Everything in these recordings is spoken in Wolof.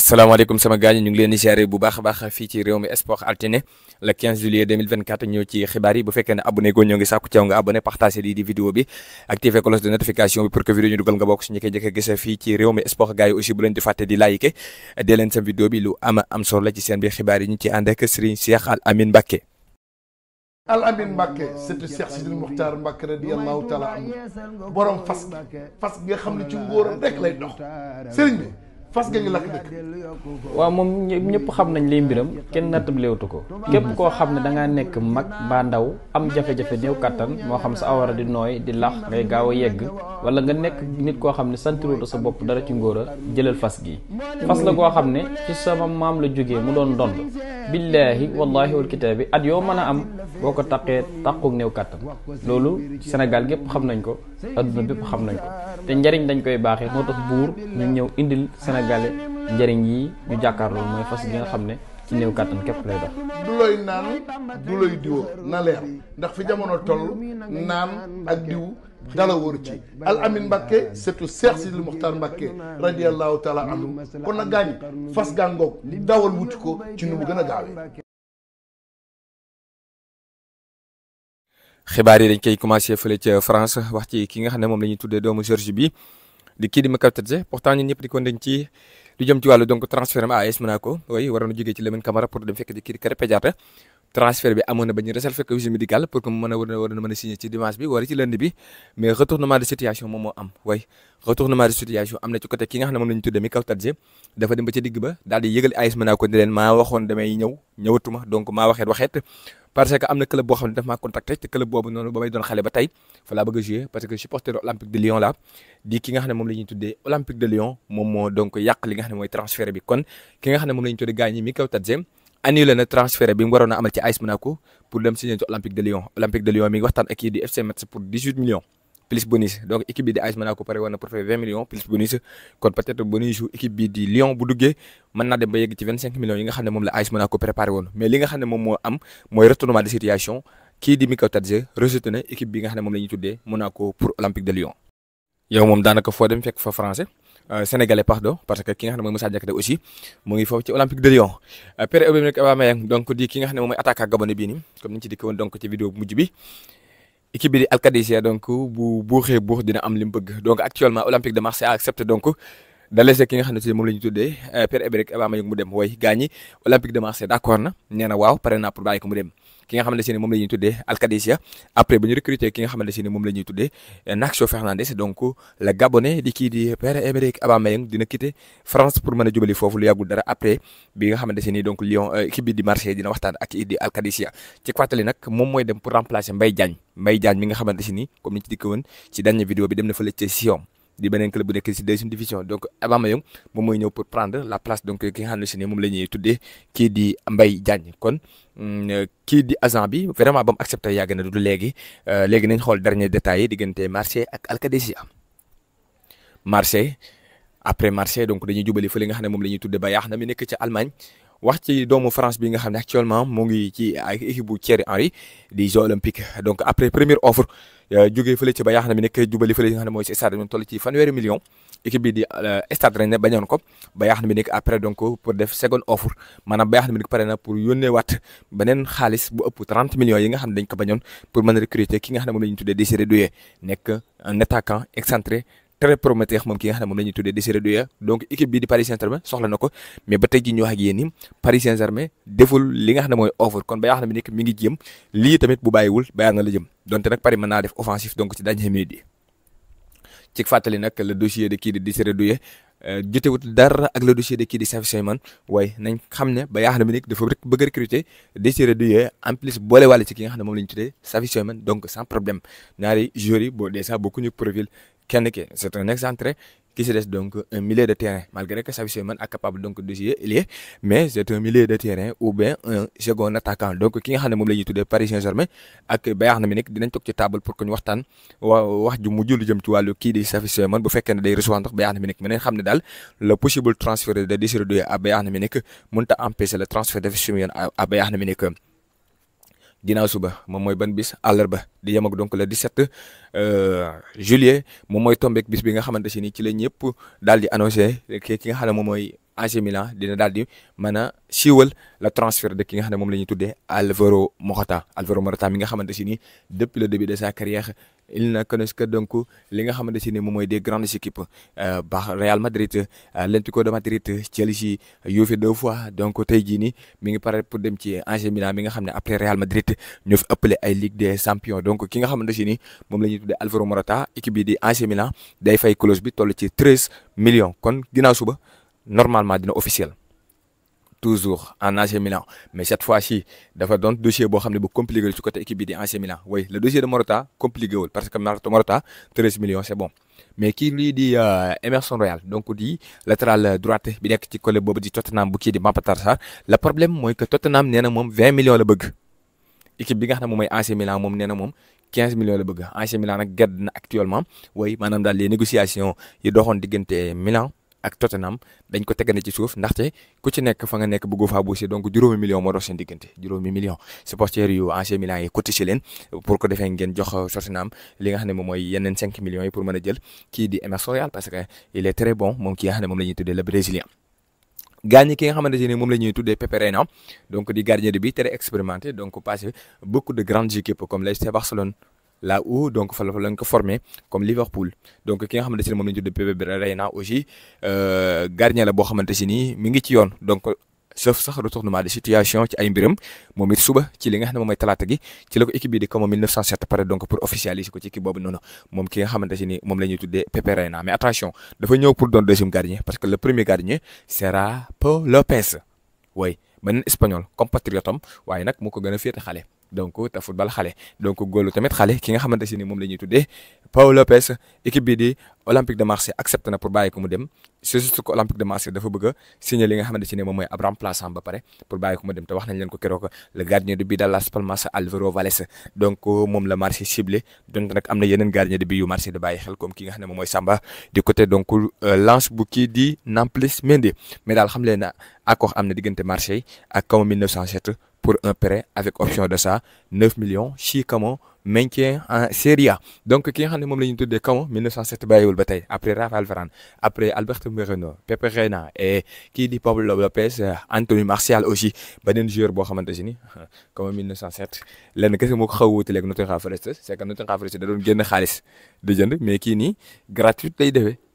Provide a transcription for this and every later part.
asalaamaaleykum sama gaañu ñu ngi leen di siyaare bu baax a baax fii ci réew mi sport altine le 15 juillet 2024 ñëw ci xibaar bu fekkee ne abonné goo ñoo ngi sàkku caw nga abonné partagé di vidéo bi activé cloche de notification bi pour que vidéo ñu dugal nga bokk suñu koy njëkk a ci réew mi sport gars yi aussi bu leen di fàtte di like dee leen sa vidéo bi lu ama am solo la ci seen biir xibaar ñu ci ànd ak Serigne Cheikh Al Amin Mbacké nga xam ne ci ngóoram rek fas nga ñu lakk dëkk. waaw moom ñëpp xam nañ liy mbiram kenn nattam léewtu ko. képp koo xam ne da nekk mag ba ndaw am jafe-jafe néew kattan moo xam sa awara di nooy di lax ngay gaaw a yegg wala nga nekk nit koo xam ne santirootu sa bopp dara ci ngóor a jëlal fas gi. fas la koo xam ne ci sama maam la jógee mu doon dond billaahi wallaahi kitaabi at yoo mën a am. boo ko taqee taquk néew kàttan loolu ci Sénégal gépp xam nañ ko adduna bépp xam nañ ko te njariñ dañ koy baaxee moo tax buur ñu ñëw indil Sénégalais njariñ yi ñu jàkkaarloo mooy fas gi nga xam ne ci néew kàttan képp lay dox du looy naan du looy diwoo na leer ndax fi jamono toll naan ak diw dala wóor ci al amin Mbàkke surtout Seex Sidil Muxtaar Mbàkke radiallahu taala anhu kon na gaañ fas gàngoog dawal wuti ko ci nu mu gën a gaawee xibaar yi dañ koy commencé fële ca France wax ci ki nga xam ne moom la ñuy tuddee doomu Géorgie bi di kii di Macalester Dieng pourtant ñun ñëpp di ko dañ ci lu jëm ci wàllu donc transfert am à AS Monaco oui waroon na jógee ci Lamine Camara pour dem fekk di di Krépin Diatta transfert bi amoon na ba ñu réservé ko pour que mu mën a signé ci dimanche bi wala ci lundi bi mais retournement de situation moom de situation am na ci ki nga xam moom la ñu olympique de Lyon moom moo donc yàq li nga xam mooy transfert bi kon ki nga xam moom la ñu tuddee mi kaw Tadje annulé na transfert bi mu waroon a amal ci AS Monaco pour dem signer ci Olympique de Lyon Olympique de Lyon mi ngi waxtaan ak kii di FC Metz pour dix huit millions plus bonus donc équipe bi di Lyon bu duggee mën naa dem ba yegg ci vingt cinq millions yi nga xam ne moom la AS Monaco préparé woon mais li nga xam ne moom moo am mooy retournement de situation kii di Mikel Arteta rejeté na équipe bi nga xam ne moom la tuddee Monaco pour Olympique Euh, sénégalais pardon parce que ki nga xam ne mooy Moussa Diakhaté aussi mu ngi foofu ci Olympique de Lyon euh, Pierre Emerick Aubameyang donc di ki nga ne mooy attaquant gabonais bii nii comme ni ci dikkee woon donc ci vidéo bu bi équipe bi di donc bu buux dina am li bëgg donc actuellement Olympique de Marseille a accepté donc dalese ki nga xam ne si moom la ñu tuddee euh, Pierre Emerick Aubameyang mu dem way gaañi Olympique de Marseille d'accord na nee waaw pare naa pour ki nga xamante ne moom la ñuy tuddee Alcadesia après bu ñu recruter ki nga xamante ne moom la ñuy tuddee eh, Nacho Fernandez donc le Gabonais di kii di Pierre-Emerick Aubameyang dina quitter France pour mën a jubali foofu lu yàggul dara après bi nga xamante ne donc Lyon eh, équipe bi di Marseille dina waxtaan ak kii di Alcadesia ci fàttali nag moom mooy dem pour remplacer Mbaye Diagne Mbaye Diagne mi nga xamante ne comme ni ci dikk woon ci dernier vidéo bi dem na fële ca Sion di beneen club bu nekk si deuxième division donc Abamayang moom mooy ñëw pour prendre la place donc ki nga xam ne si ne moom la ñuy tuddee kii di mbay Diagne kon mm, kii di agent bi vraiment ba mu accepté yàgg na du léegi euh, léegi nañ xool dernier détail yi diggante Marseille ak Alcadesia Marseille après Marseille donc dañuy jubali fa li nga xam moom la ñuy ba Bayern na mu nekk ci Allemagne. wax ci doomu France bi nga xam ne actuellement moo ngi ci ak équipe bu Thierry Henry di Jeux olympiques donc après première offre euh, jógee fële ci ba yaa xam ne nekk jubali fële ci nga xam ne mooy si stade bi toll ci fanweeri million équipe bi di euh, stade nekk après donc pour def seconde offre maanaam ba yaa xam ne pare na pour yónnee waat beneen xaalis bu ëpp 30 millions yi nga xam ne dañ ko bañoon pour mën a recruter ki nga xam ne moom la ñu tuddee Désiré Doué nekk un attaquant excentré très prometteur moom ki nga xam ne moom la ñuy tuddee Désiré Doué donc équipe bii di Paris Saint-Germain soxla na ko mais ba tey ji ñu wax ak Paris saint deful li nga xam mooy offre kon ba yaa xam ne nekk mi lii tamit bu bàyyiwul bayaan na la jëm donte nag Paris mën naa def offensif donc ci dernière minute yi ci fàttali nag le dossier de kii di Désiré Doué euh, jotewut dara ak le dossier de kii di Xavi Simons waaye nañ xam ne ba yaa xam ne ki nga xam ne moom la ñu tuddee Xavi Simons donc sans problème kenn ki c'est un excentré ki si des donc un milieu de terrain malgré que Xavi Simons capable donc de jouer mais c'est un milieu de terrain ou bien un second attaquant donc ki nga xam ne moom la ñuy Paris saint ak Bayern Munich dinañ toog ci table pour que ñu waxtaan wa wax ju mujj lu jëm ci wàllu kii di Xavi Simons bu fekkee ne day recevoir ndax Bayern Munich mais nañ xam ne daal le de Désiré Doué a empêcher le transfert ginnaaw suba moom mooy ban bis àllarba di yem ak donc le 17 euh, juillet moom mooy tombeek bis bi nga xamante si ni ci la ñëpp daal di annoncé ki nga xam ne moom mooy AC Milan dina daal di mën a siiwal la transfert de ki nga xam ne moom la ñuy tuddee Alvaro Morata Alvaro Morata mi nga xamante si ni depuis le début de sa carrière ils ne connaissent que donc li nga xamante si ni moom mooy des grandes équipes euh, baax Real Madrid euh, l'Atlético de Madrid Chelsea Juve deux fois donc tey jii nii mi ngi pare pour dem ci AC Milan mi nga xam ne après Real Madrid ñoo fi ëppale ay Ligue des Champions donc ki nga xamante si ni moom la ñuy tuddee Alvaro Morata équipe bi di AC Milan day fay close bi toll ci treize million kon ginnaaw suba normalement dina officiel. toujours en AC Milan mais cette fois-ci dafa doon dossier boo xam ne bu compliqué wul ci côté équipe bi di AC Milan oui le dossier de Morata compliqué parce que Morata 13 millions c'est bon mais kii lii di euh, Emerson Royal donc di latéral droite bi nekk ci côté boobu di Tottenham bu kii di Pape Sarr le problème mooy que Tottenham nee na moom 20 millions la bëgg équipe ne moom mooy AC Milan moom nee na moom. 15 millions la bëgg AC Milan nag gedd na actuellement waaye maanaam daal les négociations yi doxoon diggante Milan ak Tottenham dañ ko tegane ci suuf ndaxte ku ci nekk fa nga nekk bëggu faa buusi donc juróomi million moo dox seen diggante juróomi million supporters yu AC Milan yi pour que defee ngeen jox Tottenham li nga xam ne moom mooy yeneen 5 millions yi pour a jël kii di Emerson Royal parce que il est très ki nga xam ne moom la ñuy tuddee le brésilien. gaañ ki nga xamante ne moom la ñuy tuddee Pepe Reina donc di gardien de but très expérimenté donc passé beaucoup de grandes équipes comme l'FC Barcelone. là-haut donc fa lañ ko formé comme Liverpool donc ki nga xamante ne moom la ñu tuddee Pepe Reina aussi euh, la nii mi ngi ci yoon donc sauf sax retournement de situation ci ay mbiram moom it suba ci li nga xam ne moom talaata gi ci la ko équipe bi di comme 1907 pare donc pour officialiser ko ci équipe boobu noonu moom ki nga xamante si ni moom la ñuy tuddee Pepe Reina mais attention dafa ñëw pour doon gardien parce que le premier gardien sera Pau Lopez way beneen espagnol compatriotam waaye nag moo ko gën a féete xale. donc te football xale donc góolu tamit xale ki nga xamante si ni moom la ñuy tuddee Paul Lopez équipe bi di Olympique de Marseille accepté pour bàyyi ko mu dem c'est juste que Olympique de Marseille dafa bëgg a signé li nga xamante si ni moom mooy ab remplaçant ba pare pour bàyyi ko mu dem te wax nañ leen ko keroog le gardien de but de Las Palmas Alvaro Valles donc moom la Marseille ciblé donc am na yeneen gardien de but yu Marseille di bàyyi xel comme ki nga xam ne moom mooy Samba du côté donc euh, lance bu kii di Nampalys na accord am na diggante Marseille ak kaw pour un prêt avec option d'achat 9 millions Chi Camon maintien en donc ki nga xam ne moom la ñu tuddee Camon 1907 bàyyiwul ba tey après Raphaël Varane après Alberto Moreno Pepe Reina et kii di Pablo Lopez Anthony Martial aussi beneen joueur boo xamante si ni Camon 1907 lenn kese moo ko xaw a wutaleeg Nottingham Forest c'est que Nottingham Forest da doon génn xaalis di jënd mais kii ni gratuite lay defee.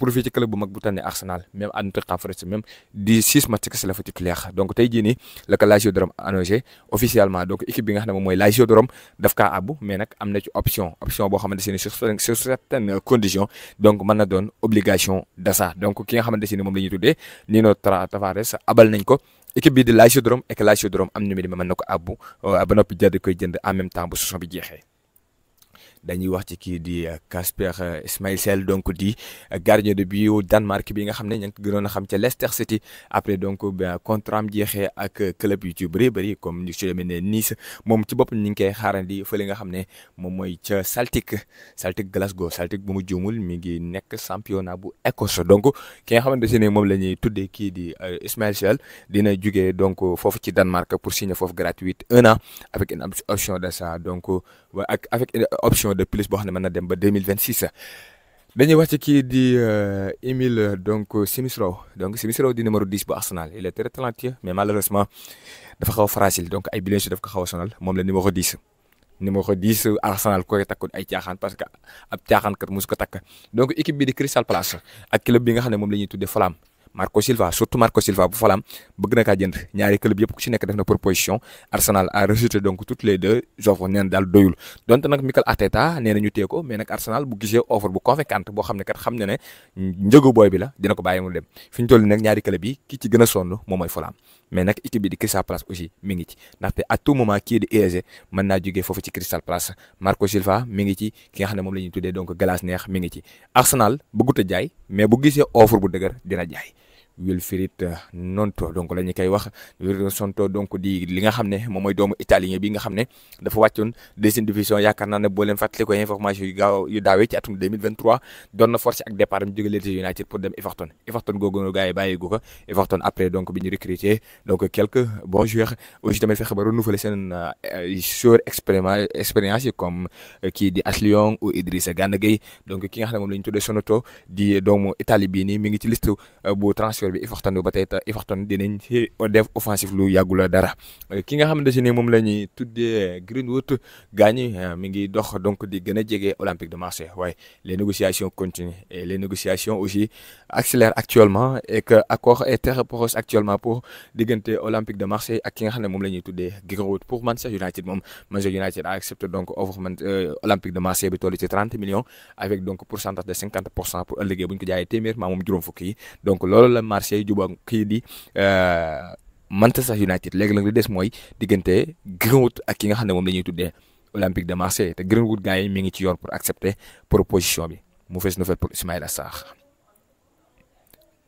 prouvé ci club bu mag bu tànnee Arsenal même Anthony Khafre même di six match kese la fa donc tey jii nii la ko Lazio de officiellement donc équipe bi nga xam ne sur sur certaines donc mën na doon obligation d'achat donc ki nga xamante ne moom la ñuy tuddee Nuno Tavares abal nañ ko. équipe bii di Lazio de Rome ak Lazio am na mi di mën na ko àbbu euh, ba noppi koy jënd en même temps bu bi jeexee. dañuy wax ci kii di Kasper euh, euh, Schmeichel donc di euh, gardien de but yu Danemark bi nga xam ne ñu ngi ko gënoon a xam ca Leicester City après donc ba contrat am jeexee ak club yu ci bëri bëri comme ñu si demee moom ci bopp ñu ngi koy xaarandi fële nga xam ne moom mooy ca Celtic Celtic Glasgow Celtic bu mu juumul mi ngi nekk championnat bu Écosse donc ki nga xamante ne moom la ñuy tuddee kii di Schmeichel dina jugee donc foofu ci Danemark pour signer foofu gratuite un an avec une option donc promotion de plus boo xam ne mën na dem ba deux mille vingt six dañuy wax kii di euh, Émile donc euh, Smith-Rowe di numéro 10 bu Arsenal il est très talentueux mais malheureusement dafa xaw a fragile ay blessures daf ko xaw a moom la numéro 10. numéro 10 Arsenal koy takkoon ay caaxaan parce que ab caaxaan kat mosu takk donc équipe bi di Crystal Palace bi nga xam ne moom la ñuy tuddee Fulham Marco Silva surtout Marco Silva bu Falaam bëgg na kaa jënd ñaari club yëpp ku ci nekk def na proposition Arsenal a rejeté donc toutes les deux offres neen daal doyul donte nag Mikel Arteta nee na ñu téye ko mais nag Arsenal bu gisee offre bu convaincante boo xam ne xam ne ne njëgu booy bi la ko bàyyi mu dem fi ñu toll nag ñaari club yi ki ci gën a moom mooy Falaam mais nag équipe bi ngi ci ndaxte à tout moment kii e naa jógee foofu ci Crystal Palace Marco Silva ngi ci ki nga xam ne la ñuy tuddee donc Glass neex mi ngi ci Arsenal bëggut a jaay mais bu gisee offre bu dëgër dina jaay Wilfried Nonto donc la ñu koy wax Wilfried Nonto donc di li nga xam ne moom mooy doomu italien nga xam ne dafa wàccoon deuxième division yaakaar naa ne boo leen fàttali daawee ci atum 2023 doon ak départ am jóge Leeds United pour dem Everton Everton googu gars yi bàyyi gu ko Everton après donc bi ñu recruter donc quelques aussi tamit fexe ba renouveler seen euh, joueur expérience comme kii di Ashley Young ou Idrissa Gana Gueye donc ki nga xam moom la bi i faxtanu ba tey i faxtanu dinañ ci lu yàggu la dara ki nga xamante ne moom la ñuy Greenwood gaañi eh, mi ngi dox donc di gën a jege Olympique de Marseille waaye les négociations continuent et les négociations aussi accélèrent actuellement et que accord est très proche actuellement pour diggante Olympique de Marseille ak ki nga xam ne moom la ñuy Greenwood pour Manchester United moom Manchester United a accepté donc offre euh, Olympique de Marseille bi toll ci trente millions avec donc pourcentage de cinquante pour cent pour Marseille jubóog kii di euh, Manchester United léegi nag li des mooy diggante Greenwood ak ki nga xam ne moom la ñuy tuddee Olympique de Marseille te Greenwood gars yi mi ngi ci yoon pour accepter proposition bi mu fees na fa pour Ismaïla Sarr.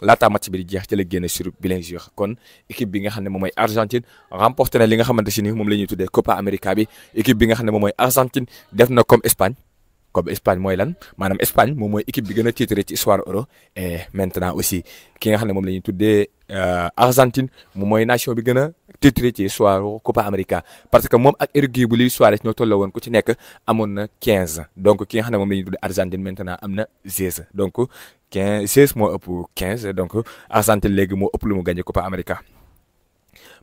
laataa match bi di jeex ci la génne sur blessure kon équipe bi nga xam ne moom mooy Argentine remporté na li nga xamante si ni moom la ñuy tude Copa America bi équipe bi nga xam ne moom mooy Argentine def na comme Espagne comme Espagne mooy lan maanaam Espagne moom mooy équipe bi gën a titré ci histoire euro et maintenant aussi ki nga xam ne moom la ñuy tuddee euh, Argentine moom mooy nation bi gën a titré ci histoire Copa America parce que moom ak Uruguay bu luy Suarez ñoo tolloo woon ku ci nekk amoon na quinze donc ki nga xam ne moom la ñuy tuddee Argentine am na seize donc quinze seize moo ëpp quinze donc Argentine léegi moo ëpp lu mu gagné Copa America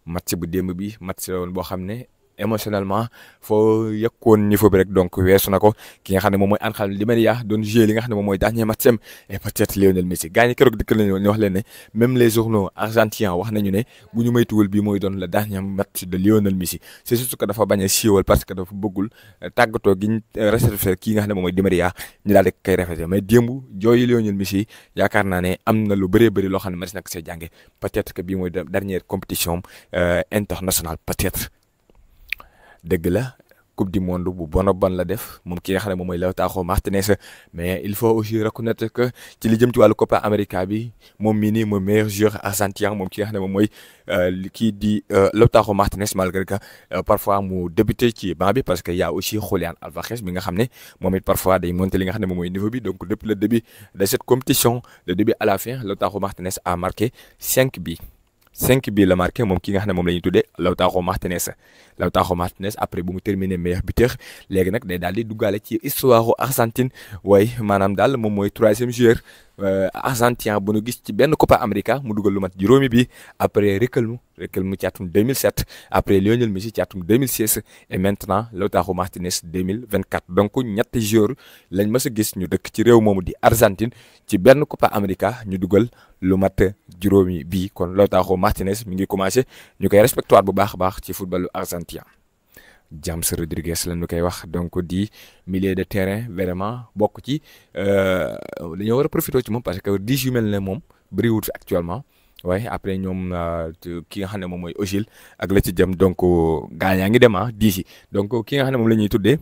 match bu démb bi match la woon boo xam ne. émotionnellement foo yekkoon niveau bi rek donc weesu na ko ki nga xam ne moom mooy an Di Maria doon joué li nga xam ne moom mooy dernier match am et peut-être Lionel Messi gars ñi keroog dëkk nañu ne même les journaux argentins wax bii mooy doon le dernier match de Lionel Messi c'est surtout que dafa bañ a siiwal parce que dafa bëggul euh, tàggatoo gi ñu euh, réservé nga xam ne moom mooy Di Maria ñu daal di koy rafetee mais démb jooyu Lionel Messi yaakaar naa ne am na lu bëree bëri loo xam ne mas na ko see jànge peut-être que bii mooy dernière compétition euh, internationale peut dëgg la coupe du monde bu bon a la def moom ki nga xam ne moom mooy Lautaro Martinez mais il faut aussi reconnaître que ci li jëm ci wàllu Copa América bi moom mii nii mooy meilleur joueur moom ki nga xam ne moom mooy euh, kii di euh, Lautaro Martinez malgré que euh, parfois mu débuté ci banc bi parce que y a aussi Julián Alvarez mi nga xam ne moom it parfois day monter li nga xam ne moom mooy niveau bi donc depuis le début de cette compétition le début à la fin Lautaro Martinez a marqué cinq cinq bi la marqué moom ki nga xam ne moom la tudde tuddee Lautaro Martinez Lautaro Martinez après bu mu terminé meilleur buteur léegi nag day daal di duggaale ci histoire u Argentine waaye maanaam daal moom mooy troisième joueur euh, argentin bu nu gis ci benn Copa América mu dugal lu mat juróomi bi après Riquelme Riquelme ci atum 2007 après Lionel Messi ci atum 2016 et maintenant Lautaro Martinez 2024 donc ñetti joueurs lañ mës a gis ñu dëkk ci réew moomu di Argentine ci benn Copa América ñu dugal lu matt juróomi bii kon Lautaro Martinez mi ngi commencé ñu koy respecté bu baax a baax ci footballu argentin James Rodriguez la ñu koy wax donc di milieu de terrain vraiment bokk ci euh, dañoo war a profité ci moom parce que 10 yu mel ne moom bëriwul fi actuellement waaye après ñoom euh, ki nga xam ne moom mooy Ozil ak la ci jëm donc euh, gaañaa ngi dem ah 10 donc ki nga xam ne moom la ñuy tuddee.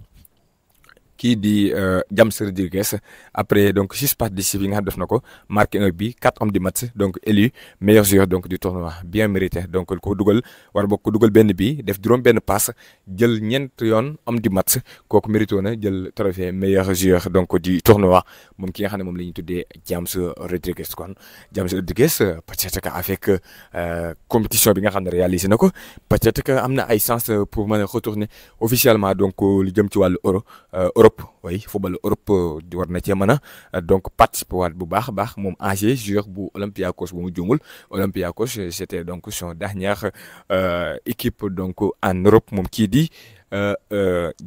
kii di euh, James Rodriguez après donc six participations yi nga xam def na ko marqué un but quatre hommes du match donc élu meilleur joueur donc du tournoi bien mérité donc ko dugal war bokk ko dugal benn bi def juróom benn passe jël ñeent yoon homme du match kooku mérito na jël trophée meilleur joueur donc du tournoi moom ki nga xam ne moom la ñuy tuddee James Rodriguez kon James Rodriguez peut-être avec euh, compétition bi nga xam ne réalisé na ko peut-être que am na ay chance pour mën a retourner officiellement donc li jëm ci wàllu euh, Europe way football Europe euh, war na cee mën a euh, donc participer waat bu baax a baax moom ancien joueur bu Olympiakos bu mu jungul Olympiakos euh, c' était donc son dernière équipe donc en Europe moom kii di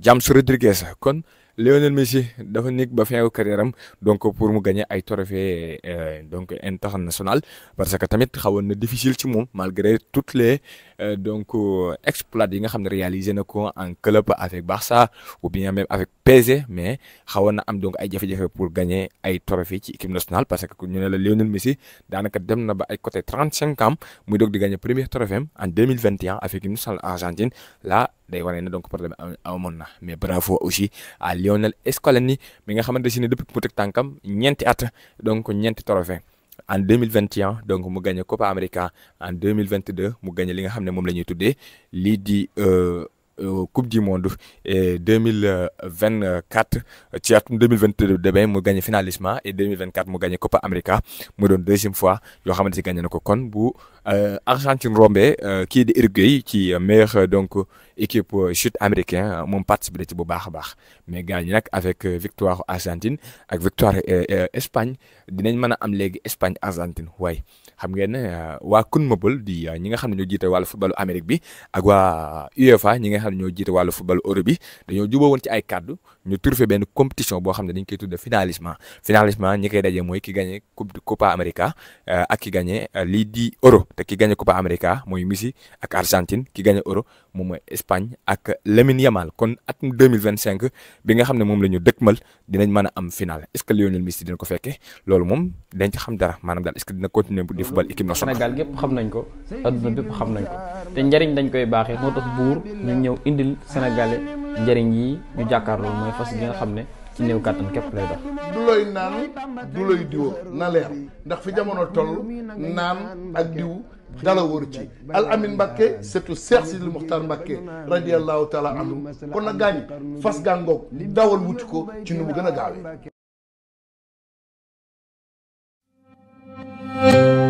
James Rodriguez kon. Lionel Messi dafa nekk ba fin carrière am donc pour mu gagner ay trophée euh, donc international parce que tamit xawoon na difficile ci moom malgré toutes les euh, donc euh, exploits yi nga xam ne réalisé na ko en club avec Barça ou bien même avec PSG mais xawoon na am donc ay jafe-jafe pour gagner ay trophée ci équipe nationale parce que ñu ne la Lionel Messi daanaka dem na ba ay côté 35 ans muy doog di gagner premier trophée en 2021 avec une salle argentine là day wane ne donc problème amoon na mais bravo aussi à Lionel Scaloni mi nga xamante si ne depuis mu teg tànkam ñeenti at donc ñeenti trophée en 2021 donc mu gagné Copa America en 2022 mu gagné li nga xam ne moom la ñuy tuddee lii di euh, euh, coupe du monde 2024 ci atum 2022 demain mu gagné finalisme et 2024 mu gagné Copa America mu doon deuxième fois yoo xamante si gagné na ko kon bu Euh, Argentine rombe kii di Uruguay ci meilleur euh, donc équipe euh, chute américain moom participe ci bu baax a baax mais gars ñi nag avec victoire Argentine ak victoire Espagne dinañ mën a am léegi Espagne Argentine waaye xam ngeen ne waa CONMEBOL di ñi nga xam ne ñoo jiite wàllu footballu Amérique bi ak waa UEFA ñi nga xam ne ñoo jiite wàllu footballu Europe bi dañoo juboo ci ay kàddu ñu turfe benn compétition boo xam ne dañ koy tudde finalisme finalisme ñi koy dajee mooy ki gagné coupe Copa America ak ki gagné lii di Euro te ki gagné Copa America mooy Messi ak Argentine ki gagné Euro moom mooy Espagne ak Lamine Yamal kon atum 2025 bi nga xam ne moom la ñu dëkkmal dinañ mën a am final est ce que dina ko fekkee loolu moom dañ ci xam dara maanaam daal est ce que dina continuer di football équipe nationale. Sénégal gépp xam nañ ko adduna bépp xam nañ ko te njariñ dañ koy baaxee moo tax buur ñu ñëw indil Sénégalais njëriñ yi ñu jàkkaarloo mooy fas gi nga xam ne. ci new kàttan képp lay du looy naan du looy diwoo na leer ndax fi jamono toll naan ak diw dala wóor ci al amin Mbacke surtout Cheikh Sidil Muxtar Mbacke radiyallahu taala kon na gaañ fas gàngoog dawal wuti ko ci nu mu gën a gaawee.